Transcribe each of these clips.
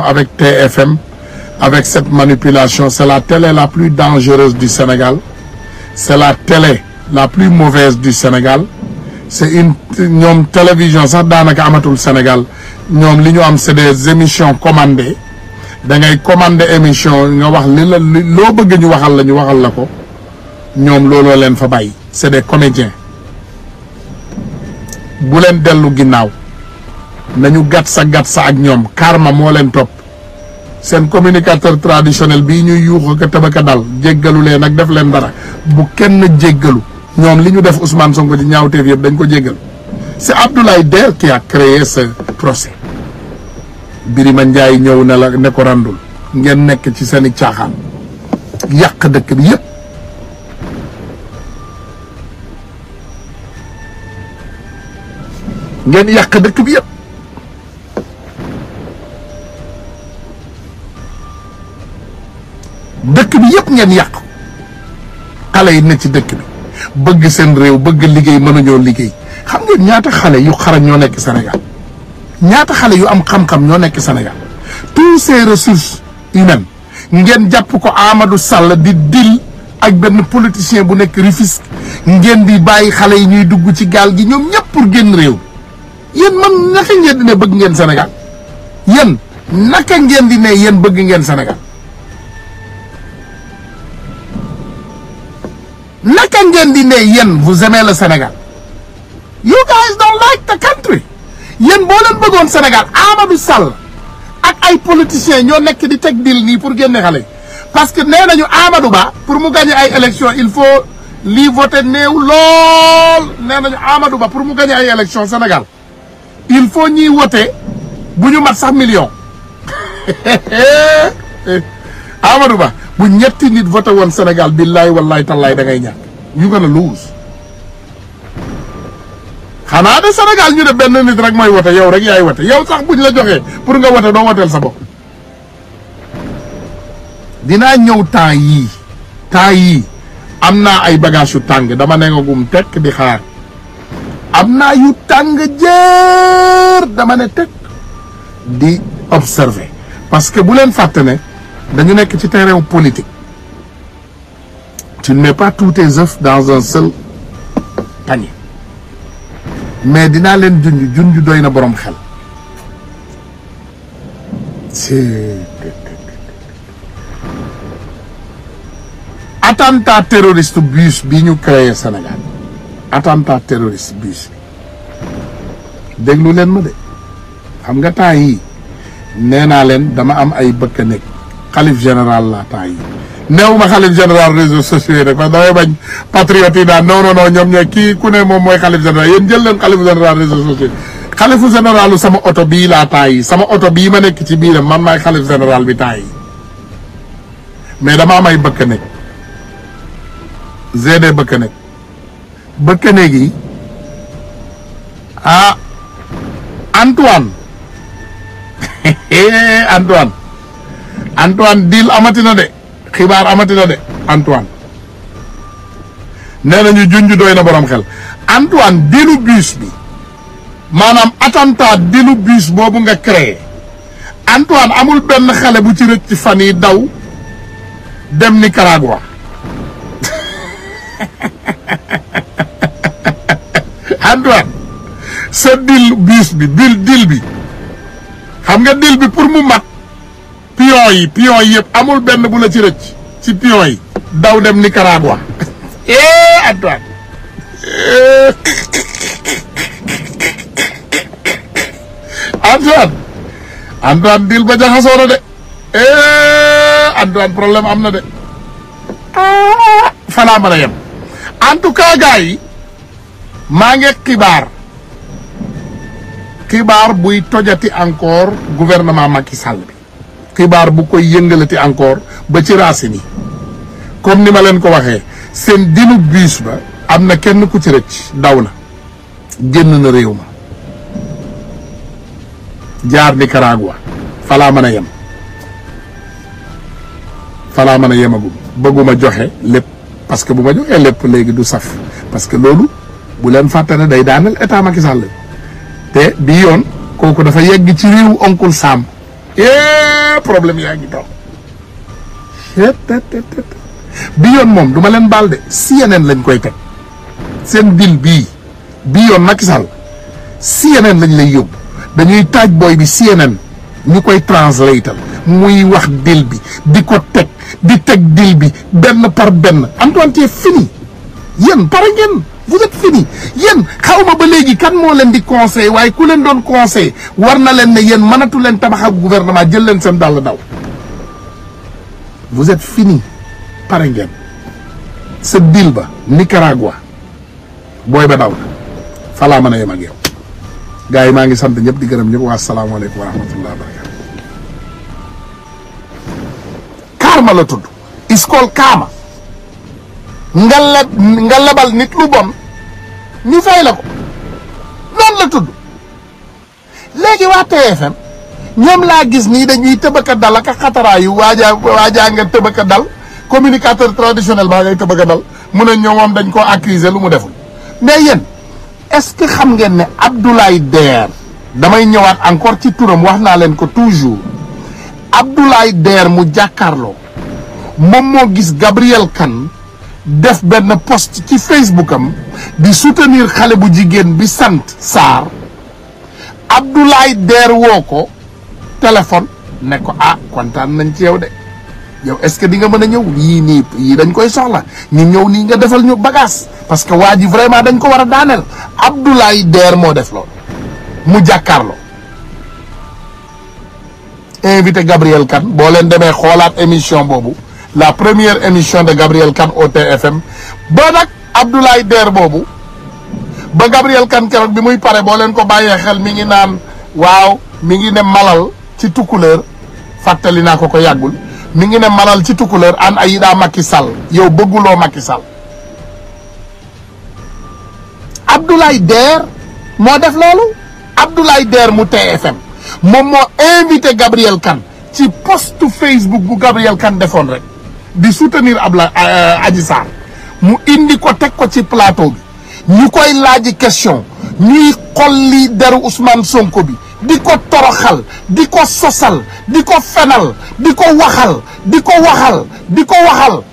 avec TFM, avec cette manipulation. C'est la télé la plus dangereuse du Sénégal. C'est la télé la plus mauvaise du Sénégal. C'est une, une télévision, ça, dans le Sénégal. c'est des émissions commandées. da ngay commandé émission nga wax li la li loo bëgg ñu waxal la ñu waxal la ko ñoom looloo leen fa bàyyi c'est des comédiens bu leen dellu ginnaaw nañu gàtt sa gàtt sa ak ñoom karma moo leen topp seen communicateur traditionnel bii ñuy yuuxu ko tëbaka dal jéggalu leen ak def leen dara bu kenn jéggalu ñoom li ñu def Ousmane Sonko ci ñaawteef yëpp dañ ko jéggal c'est Abdoulaye Der qui a créé ce procès Birima Ndiaye ñëw na la ne ko randul ngeen nekk ci seen i caaxaan yàq dëkk bi yëpp ngeen yàq dëkk bi yëpp dëkk bi yëpp ngeen yàq xale yi ne ci dëkk bi bëgg seen réew bëgg liggéey mën mënuñoo liggéey xam ngeen ñaata xale yu xarañ ñoo nekk Sénégal ñaata xale yu am xam ñoo nekk Sénégal tous ces ressources humaines ngeen jàpp ko Amadou Sall di dil ak benn politicien bu nekk Rufisque ngeen di bàyyi xale yi ñuy dugg ci gaal gi ñoom ñëpp pour génn réew yéen man naka ngeen di ne bëgg ngeen Sénégal yen naka ngeen di ne yéen bëgg ngeen senegal ngeen di ne yéen vous aimez le Sénégal you guys don't like the country yéen boo leen bëggoon Sénégal Amadou Sall ak ay politiciens ñoo nekk di teg dil nii pour génne xale parce que nee nañu Amadou Ba pour mu gagner ay élection il faut lii voté néew lool nee nañu Amadou Ba pour mu gagner ay élection Sénégal il faut ñuy wote bu ñu mat sax million Amadou Ba bu ñetti nit voté woon Sénégal billaay wallaay tallaay da ngay ñàkk you're gonna lose xanaa de Sénégal ñu ne benn nit rek mooy wote yow rek yaay wote yow sax buñ la joxee pour nga wote doo woteel sa bopp dinaa ñëw temps yii temps yii am naa ay bagage yu tàng dama ne nga gum tekk di xaar am naa yu tàng jër dama ne tekk di observer parce que bu leen fàtte ne dañu nekk ci terrain politique tu ne pas tous tes œufs dans un seul panier mais dinaa leen junj junj doy na boroom xel c'est attentat terroriste bus bi ñu créé Sénégal attentat terroriste bus bi déglu leen ma de xam nga temps yi nee naa leen dama am ay bëkk nekk xalif général la temps yi new ma xalif général réseaux sociaux yi nag parce que damay bañ patriote daan non non ñoom ñooy kii ku ne moom mooy xalif général yéen jël leen xalif général réseaux sociaux xalifu généralu sama oto bii laa taay sama oto bii ma nekk ci biiram man maay xalif général bi taay mais damaa may bëkk nekk GD bëkk nekk bëkk nekk yi ah Antoine Antoine Antoine dil amati de. xibaar amati na de Antoine nee nañu junj doy na borom xel Antoine dilu bus bi maanaam attentat dilu bus boobu nga créé Antoine amul benn xale bu ci rëcc fan yi daw dem Nicaragua Antoine sa dil bus bi dil dil bi xam nga dil bi pour mu mat. pion yi pion yi amul benn bu la ci rëcc ci pion yi daw dem Nicaragua eh Antoine eh. Antoine Antoine dil ba jaxasoo de eh Antoine problème am na de falaa mën yem en tout cas maa ngi xibaar xibaar buy tojati encore gouvernement Macky Sall xibaar bu koy yëngalati encore ba ci racine comme ni ma leen ko waxee seen dinu biis ba am na kenn ku ci rëcc daw na génn na réew ma jaar Nicaragua falaa mën a yem falaa mën a yemagum bëgguma joxe lépp parce que bu ma joxee lépp léegi du saf parce que loolu bu leen fàtte day daaneel état Macky Sall te bi yoon kooku dafa yegg ci réew oncle Sam yee problème yaa ngi daw bi yoon moom duma leen baal de CNN lañ koy teg seen dil bi bi yoon Macky Sall CNN lañ lay yóbbu dañuy taaj booy bi CNN ñu koy translatal muy wax dil bi di ko teg di teg dil bi benn par benn Antoine c'est fini yéen pare ngeen vous êtes fini yéen xawma ba léegi kan moo leen di conseil waaye ku leen doon conseil war na leen ne yéen mënatu leen tabax ak gouvernement jël leen seen dàll daw vous êtes fini pare ngeen sa deal ba Nicaragua booy ba daw na falaa mën a yem ak yow yi maa ngi sant ñëpp di gërëm ñëpp waa salaamaaleykum wa rahmatullah wa barakatu kaarma la tudd iskool kaama nga la nga labal nit lu bon ñu fay la ko noonu la tudd léegi waa TFM ñoom laa gis nii dañuy tëbaka dal ak xataraayu waajaa waajaa nga tëbaka dal communicateur traditionnel baa ngay tëbaka dal mun a ñoom dañ ko accuser lu mu deful mais yéen est-ce que xam ngeen ne Abdoulaye Der damay ñëwaat encore ci touram wax naa leen ko toujours Abdoulaye Der mu jàkkaarloo moom moo gis Gabriel Kane def benn post ci Facebook am di soutenir xale bu jigéen bi sant Sarr Abdoulaye Der woo ko téléphone ne ko ah kontaan nañ ci yow de yow est-ce que di nga mën a ñëw yii nii yii dañ koy soxla ñu ñëw nii nga defal ñu bagage parce que waa ji vraiment dañ ko war a daaneel Abdoulaye Der moo def loolu mu jàkkaarloo invité Gabriel Kane boo leen demee xoolaat émission boobu. la première émission de Gabriel Kane au TFM ba nag Abdoulaye Der boobu ba Gabriel Kane keroog bi muy pare boo leen ko bàyyee xel mi ngi naan waaw mi ngi ne malal ci tukkuleer fàttali naa ko ko yàggul mi ngi ne malal ci tukkuleer an ay daa Macky Sall yow bëgguloo Macky Sall Abdoulaye Der moo def loolu Abdoulaye Der mu TFM moom moo invité Gabriel Kane ci post Facebook bu Gabriel Kane defoon rek di soutenir Ablaye euh, Adji Sarr mu indi ko teg ko ci plateau bi ñu koy laaj question ñuy xolli deru Ousmane Sonko bi di ko toroxal di ko sosal di ko fenal di ko waxal di ko waxal di ko waxal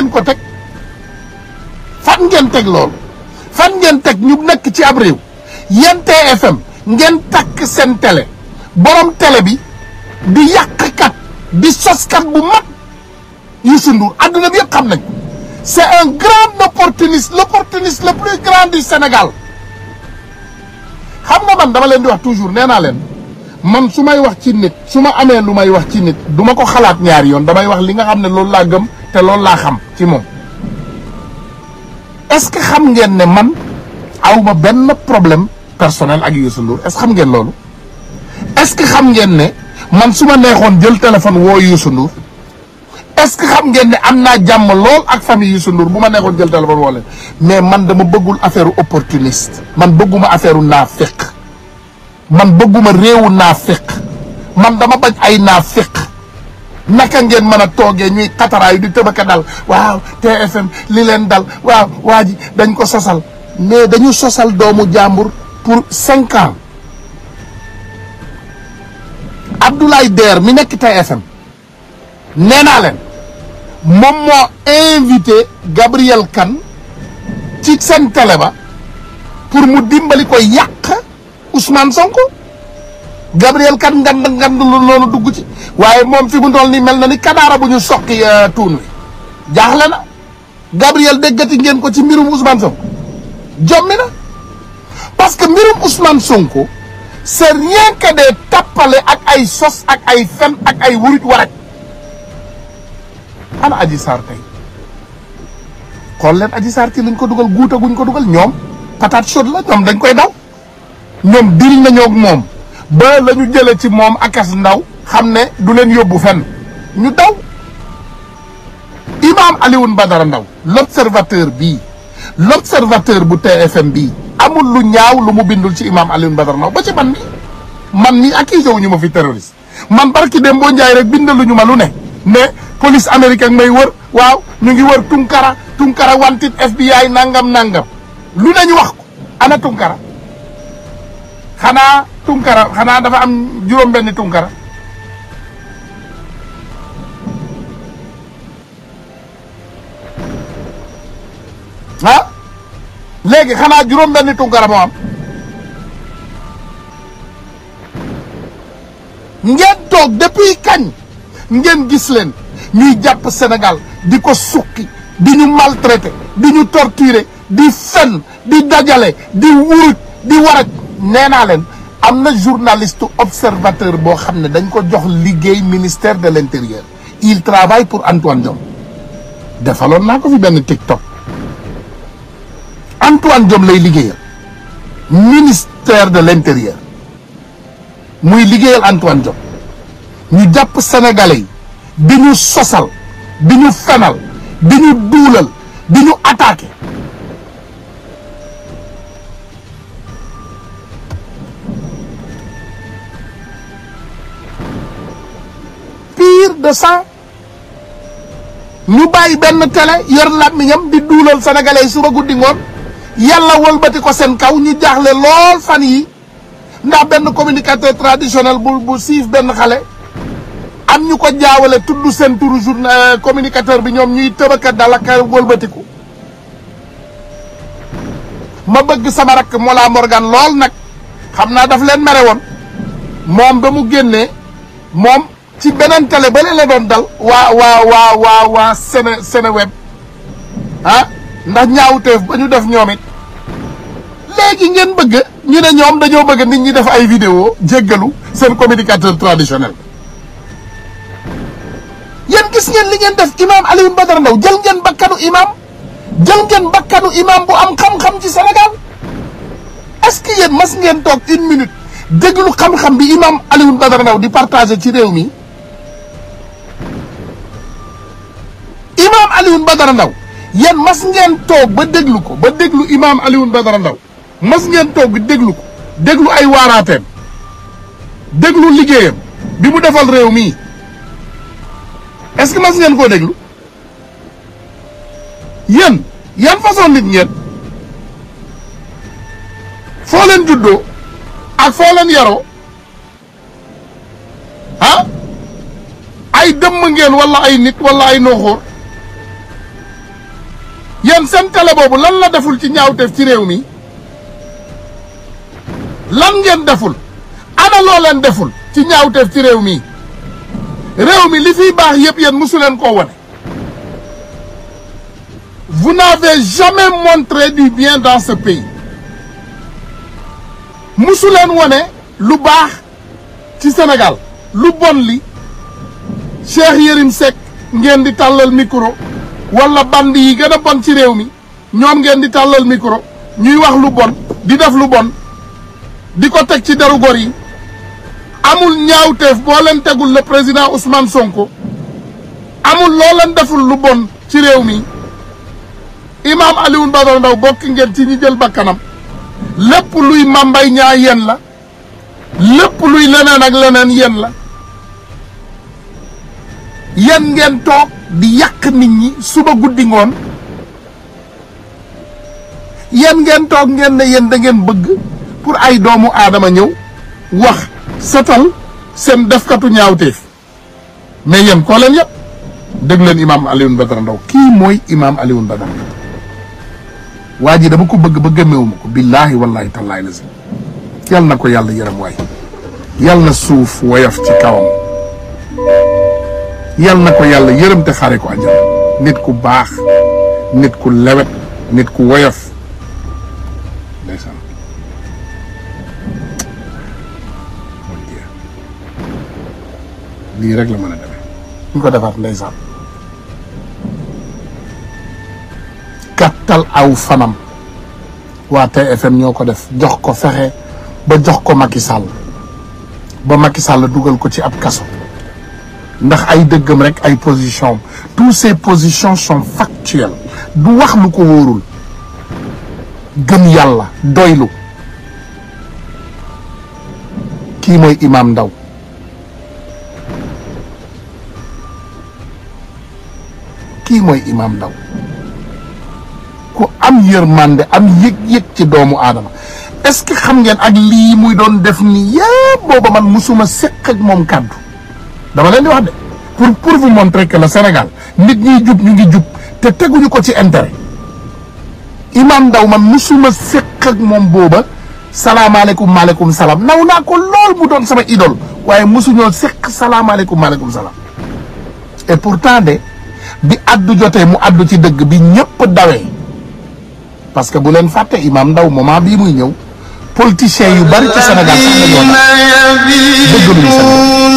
ngeen ko teg fan ngeen teg loolu fan ngeen teg ñu nekk ci ab réew yéen TFM ngeen takk seen tele borom tele bi di yàqkat di soskat bu mag Youssou Ndour àdduna bi yëpp xam nañ ko c'est un grand opportuniste l'opportuniste le plus grand du Sénégal xam nga man dama leen di wax toujours nee naa leen man su may wax ci nit su ma amee lu may wax ci nit duma ko xalaat ñaari yoon damay wax li nga xam ne loolu laa gëm te loolu laa xam ci moom est-ce que xam ngeen ne man awma benn problème personnel ak Youssou Ndour est que xam ngeen loolu est-ce que xam ngeen ne man su ma neexoon jël téléphone woo Youssou Ndour est-ce que xam ngeen ne am naa jàmm lool ak famille Youssou Ndour bu ma neexoon jël téléphone woo leen mais man dama bëggul affaire opportuniste man bëgguma affaire naaféq man bëgguma réewu naaféq man dama bañ ay naaféq naka ngeen mën a toogee ñuy xataraayu di tëbaka dal waaw TFM li leen dal waaw waa ji dañ ko sosal mais dañu sosal doomu jàmbur pour cinq ans Abdoulaye Der mi nekk TFM nee leen moom moo invité Gabriel Kane ci seen télé ba pour mu dimbali ko yàq Ousmane Sonko Gabriel kat ngand ngand loolu dugg ci waaye moom fi mu toll nii mel na ni kadaara bu ñu soqi euh, tuun wi jaaxle na Gabriel déggati ngeen ko ci mbirum Ousmane Sonko jommi na parce que mbirum Ousmane Sonko c'est rien que des tappale ak ay sos ak ay fen ak ay wurit waraj ana Adji Sarr tey xool leen Adji Sarr ci luñ ko dugal guuta guñ ko dugal ñoom patate chaude la ñoom dañ koy daw ñoom dil nañoo ak moom ba la ñu jëlee ci moom akas ndaw xam ne du leen yóbbu fen ñu daw imam Alioune Badara Ndaw l'observateur bii l'observateur bu TFM bi amul lu ñaaw lu mu bindul ci imaam Alioune Badara Ndaw ba ci man mi man mi accusé wu ñu ma fi terroriste man barki dem boo njaay rek bindalu ñu ma lu ne ne police américaine may wër waaw ñu ngi wër Tunkara Tunkara wantit FBI nangam nangam lu nañu wax ko ana Tunkara xanaa tunkara xanaa dafa am juróom benni tunkara ah léegi xanaa juróom benni tunkara moo am ngeen toog depuis kañ ngeen gis leen ñuy jàpp Sénégal di ko sukki di ñu maltraité di ñu torturé di fen di dajale di wuruj di waraj nee naa leen am na journaliste observateur boo xam ne dañ ko jox liggéey ministère de l'intérieur il travaille pour Antoine Diome defaloon naa ko fi benn TikTok Antoine Diome lay liggéeyal ministère de l'intérieur muy liggéeyal Antoine Diome ñu jàpp sénégalais bi nu sosal bi ñu fenal bi ñu duulal bi ñu attaqué de ñu bàyyi benn télé yor làmmiñam di duulal sénégalais yi suba guddi ngoon yàlla wëlbati ko seen kaw ñu jaaxle lool fan yi ndax benn communicateur traditionnel bu bu benn xale am ñu ko jaawale tudd seen turu journal euh, communicateur bi ñoom ñuy tëbaka dal ak wëlbatiku ma bëgg sama rakk Mollah Morgan lool nag xam naa daf leen mere woon moom ba mu génnee moom ci beneen télé ba la doon dal waa waa waa waa waa Séné Sénéweb ah ndax ñaawteef ba ñu def ñoom it léegi ngeen bëgg ñu ne ñoom dañoo bëgg nit ñi def ay vidéo jéggalu seen communicateur traditionnel yéen gis ngeen li ngeen def imaam Alioune Badara Ndao jël ngeen bakkanu imaam jël ngeen bakkanu imaam bu am xam-xam ci Sénégal est-ce que yéen mas ngeen toog une minute déglu xam-xam bi imaam Alioune Badara Ndao di partager ci réew mi imaam Alioune Badara Ndao yéen mas ngeen toog ba déglu ko ba déglu imaam Alioune Badara Ndao mas ngeen toog déglu ko déglu ay waaraateem déglu liggéeyam bi mu defal réew mi est-ce que mas ngeen koo déglu yéen yan façon nit ngeen foo leen juddoo ak foo leen yaroo ah ay dëmm ngeen walla ay nit walla ay nooxóor yéen seen télé boobu lan la deful ci ñaawteef ci réew mi lan ngeen deful ana loo deful ci ñaawteef ci réew mi réew mi li fiy baax yépp yéen mosu leen koo wane vous n'avez jamais montré du bien dans ce pays mosu leen wane lu baax ci senegal lu bon li Cheikh Yérim Seck ngeen di tàllal micro walla band yi gën a bon ci réew mi ñoom ngeen di tàllal micro ñuy wax lu bon di def lu bon di ko teg ci daru gor yi amul ñaawteef boo leen tegul le président Ousmane Sonko amul loo leen deful lu bon ci réew mi imaam Alioune Badara Ndao bokk ngeen ci ñi jël bakkanam lépp luy mambay ñaa yéen la lépp luy leneen ak leneen yéen la yéen ngeen toog di yàq nit ñi suba guddi ngoon yéen ngeen toog ngeen ne yéen da bëgg pour ay doomu aadama ñëw wax setal seen defkatu ñaawteef mais yéen koo leen yëpp dégg leen imaam Alioune Badara Ndao kii mooy imaam Alioune Badara Ndao waa ji dama ko bëgg ba gëmmewuma ko billaahi wallaahi tallaahi lazim yal na ko yàlla yërëm waay yal na suuf woyof ci kawam yal na ko yàlla yërëm te xaare ko àjjana nit ku baax nit ku lewet nit ku woyof ndeysaan rek la mën ñu ko defaat ndeysaan gàttal aw fanam waa TFM ñoo ko def jox ko fexe ba jox ko Macky Sall ba Macky sàll dugal ko ci ab kaso ndax ay dëggam rek ay position tous ces positions sont factuelles du wax lu ko wóorul gën yàlla doylu kii mooy Imam ndaw kii mooy Imam Ndao ku am yërmande am yëg-yëg ci doomu aadama est-ce que xam ngeen ak lii muy doon def nii yëpp booba man mësuma séq ak moom kàddu dama leen di wax de pour pour vous montrer que Sénégal nit ñi jub ñu ngi jub te teguñu ko ci intérêt imam ndaw man musuma séq ak moom booba salaamaaleykum maaleykum salaam naw naa ko lool mu doon sama idol waaye mosuñoo séq salaamaaleykum maaleykum salaam pour pourtant de bi addu jotee mu addu ci dëgg bi ñëpp dawee parce que bu leen fàtte imaam ndaw moment bii muy ñëw politiciens yu bari ci Sénégal sax na ñoo dëgg luñu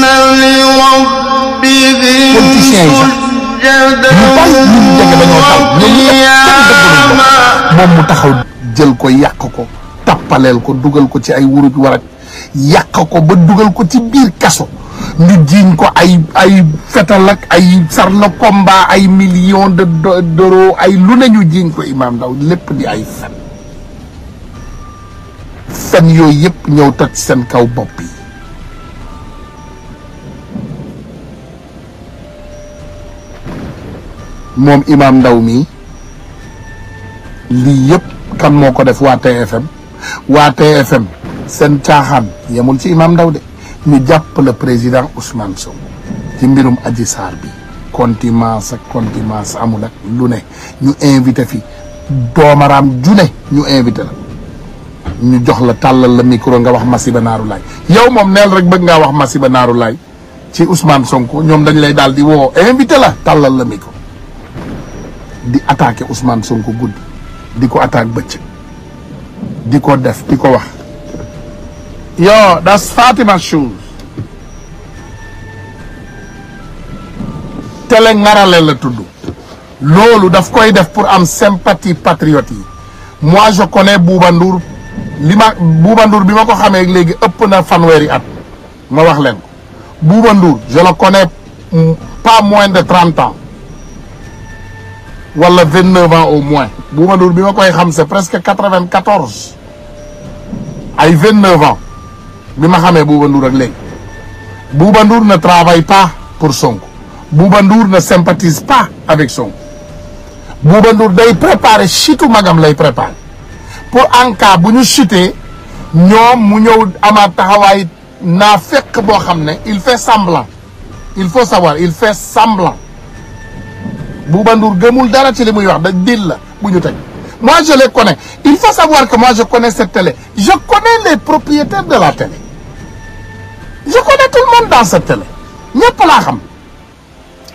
politiciens moom mu taxaw jël ko yàq ko tappaleel ko dugal ko ci ay wuruj warat yàq ko ba dugal ko ci biir kaso ñu jiiñ ko ay ay fetal ak ay sarna combat ay millions de d'euros ay lu ne ñu jiiñ ko Imaam Ndao lépp di ay fen fen yooyu yëpp ñëw toj seen kaw bopp yi moom imaam ndaw mii lii yëpp kan moo ko def waa TFM waa TFM seen caaxaan yemul ci imaam ndaw de ñu jàpp le président Ousmane Sonko ci mbirum Adji Sarr bi contumace ak contumace amul ak lu ne ñu invité fi doomaraam ju ne ñu invité la ñu jox la tàllal la micro nga wax Massiba Naaru Laay yow moom neel rek bëgg ngaa wax Massiba Naaru Laay ci Ousmane Sonko ñoom dañ lay daal di woo invité la tàllal la micro di attaqué Ousmane ko guddi di ko attaque bëcc di ko def di ko wax yo that's Fatima shoes télé ngarale la tudd loolu daf koy def pour am sympathie patriote yi moi je connais Bouba li ma Bouba bi ma ko xamee léegi ëpp na fanweeri at ma wax leen ko Bouba Ndour je le connais pas moins de trente ans wala vingt neuf ans au moins Bouba Ndour bi ma koy xam c'est presque quatre vingt quatorze ay vingt neuf ans bi ma xamee Bouba Ndour ak léegi Bouba na ne travaille pas pour Sonko Bouba Ndour ne sympathise pas avec Sonko Bouba Ndour day préparer chitu magam lay préparer pour en cas bu ñu chutee ñoom mu ñëw amaat taxawaay naa fekk boo xam ne il fait semblant il faut savoir il fait semblant Bouba Ndour gëmul dara ci li muy wax da dil la bu ñu teg moi je les connais il faut savoir que moi je connais cette télé je connais les propriétaires de la télé je connais tout le monde dans cette télé ñëpp laa xam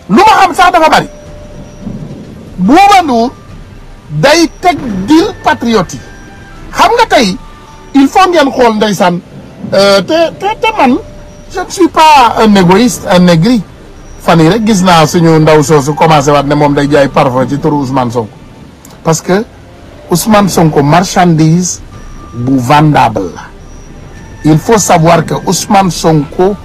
lu ma xam sax dafa bari Bouba Ndour day teg dil patriote yi xam nga tey il faut ngen xool ndeysaan euh, te te te man je ne suis pas un égoïste un aigri fan yi rek gis naa suñu ndaw soosu commencé waat ne moom day jaay parfum ci turu Ousmane Sonko parce que Ousmane Sonko marchandise bu vendable la il faut savoir que Ousmane Sonko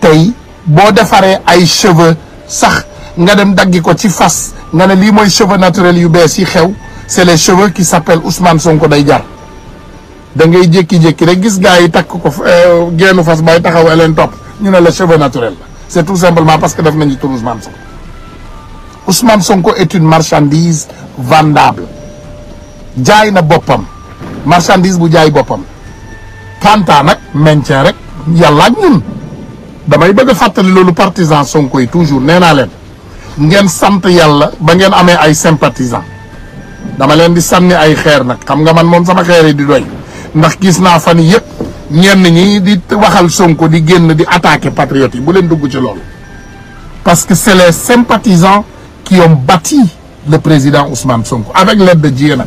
tey boo defaree ay cheveux sax nga dem daggi ko ci fas nga ne lii mooy cheveux naturels yu bees yi xew c'est les cheveux qui s'appellent Ousmane Sonko day jar da ngay jékki-jékki rek gis gars yi takk ko euh, geenu fas baay taxaw leen topp ñu ne la cheveu naturels c'est tout simplement parce que def nañu tur Ousmane Sonko usman Sonko est une marchandise vendable jaay na boppam marchandise bu jaay boppam kanta nag maintien rek yàlla ak ñun damay bëgg fàttali loolu partisan Sonko yi toujours nee naa leen ngeen sant yàlla ba ngeen amee ay sympathisant dama leen di sànni ay xeer nag xam nga man moom sama xeer yi di doy ndax gis naa fan yëpp ñenn ñi di waxal Sonko di génn di attaquer patriotes yi bu leen dugg ci loolu parce que c'est les sympathisants qui ont bâti le président Ousmane Sonko avec l'aide de Dieu nag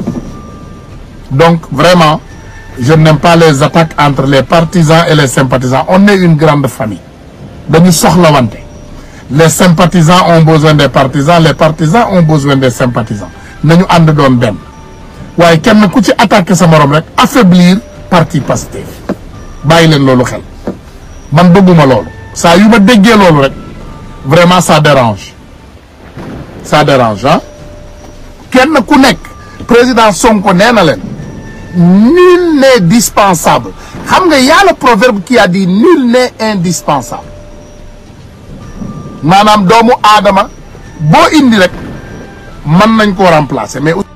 donc vraiment je n'aime pas les attaques entre les partisans et les sympathisants on est une grande famille dañu wante les sympathisants ont besoin des partisans les partisans ont besoin des sympathisants nañu ànd doon benn waaye kenn ku ci attaquer sa morom rek affaiblir parti Pastef bàyyi leen loolu xel man bëgguma loolu saa yu ma déggee loolu rek vraiment ça dérange ça dérange ah kenn ku nekk président Sonko nee na leen nul n'est dispensable xam nga y a le proverbe qui a dit nul n'est indispensable maanaam doomu aadama boo indi rek mën nañ koo remplacer mais